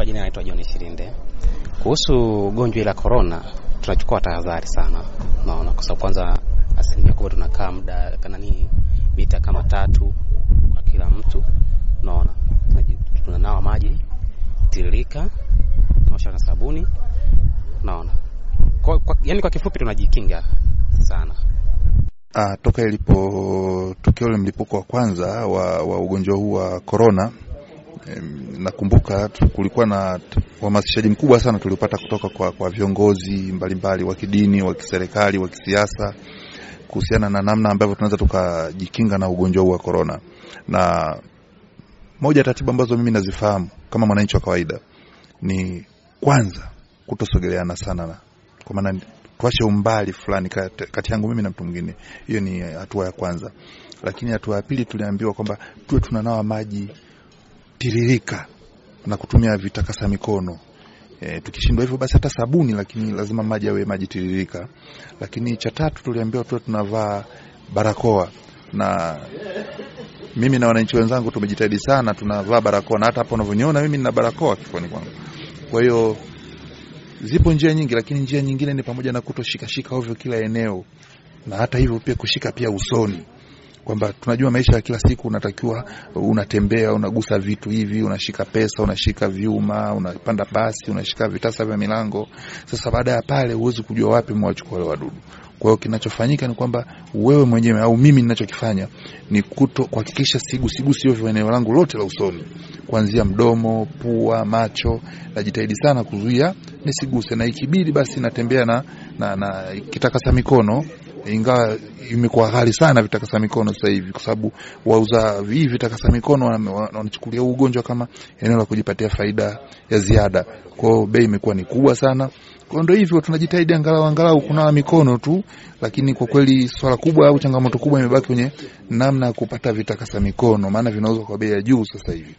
Kwa jina naitwa John Shirinde. Kuhusu gonjwa la corona, tunachukua tahadhari sana, unaona, kwa sababu kwanza asilimia kubwa tunakaa muda ni mita kama tatu kwa kila mtu, unaona, tunanawa maji tiririka, tunaosha na sabuni, unaona, kwa, kwa, yani kwa kifupi tunajikinga sana. Ah, toka ilipo tukio la mlipuko wa kwanza wa, wa ugonjwa huu wa corona nakumbuka kulikuwa na uhamasishaji mkubwa sana tuliopata kutoka kwa, kwa viongozi mbalimbali wa kidini, wa kiserikali, wa kisiasa kuhusiana na namna ambavyo tunaweza tukajikinga na ugonjwa huu wa korona, na moja ya taratibu ambazo mimi nazifahamu kama mwananchi wa kawaida ni kwanza kutosogeleana sana na, kwa maana tuache umbali fulani kati, kati yangu mimi na mtu mwingine. Hiyo ni hatua ya kwanza, lakini hatua ya pili tuliambiwa kwamba tuwe tunanawa maji kutiririka na kutumia vitakasa mikono. E, tukishindwa hivyo basi hata sabuni, lakini lazima maji awe maji tiririka. Lakini cha tatu tuliambiwa tuwe tunavaa barakoa na mimi na wananchi wenzangu tumejitahidi sana, tunavaa barakoa na hata hapo unavyoniona mimi nina barakoa kifuani kwangu. Kwa hiyo zipo njia nyingi, lakini njia nyingine ni pamoja na kutoshikashika ovyo kila eneo, na hata hivyo pia kushika pia usoni kwamba tunajua maisha ya kila siku, unatakiwa unatembea, unagusa vitu hivi, unashika pesa, unashika vyuma, unapanda basi, unashika vitasa vya milango. Sasa baada ya pale, huwezi kujua wapi mwachukua wale wadudu. Kwa hiyo kinachofanyika ni kwamba wewe mwenyewe au mimi ninachokifanya ni kuto kuhakikisha sigu sigu sio eneo langu lote la usoni, kuanzia mdomo, pua, macho. Najitahidi sana kuzuia nisiguse, na ikibidi basi natembea na, na, na kitakasa mikono ingawa imekuwa ghali sana vitakasa mikono sasa hivi, kwa sababu wauza hivi vitakasa mikono wanachukulia ugonjwa kama eneo la kujipatia faida ya ziada, kwao bei imekuwa ni kubwa sana. Kwa ndio hivyo tunajitahidi angalau angalau kunawa mikono tu, lakini kwa kweli swala kubwa au changamoto kubwa imebaki kwenye namna ya kupata vitakasa mikono, maana vinauzwa kwa bei ya juu sasa hivi.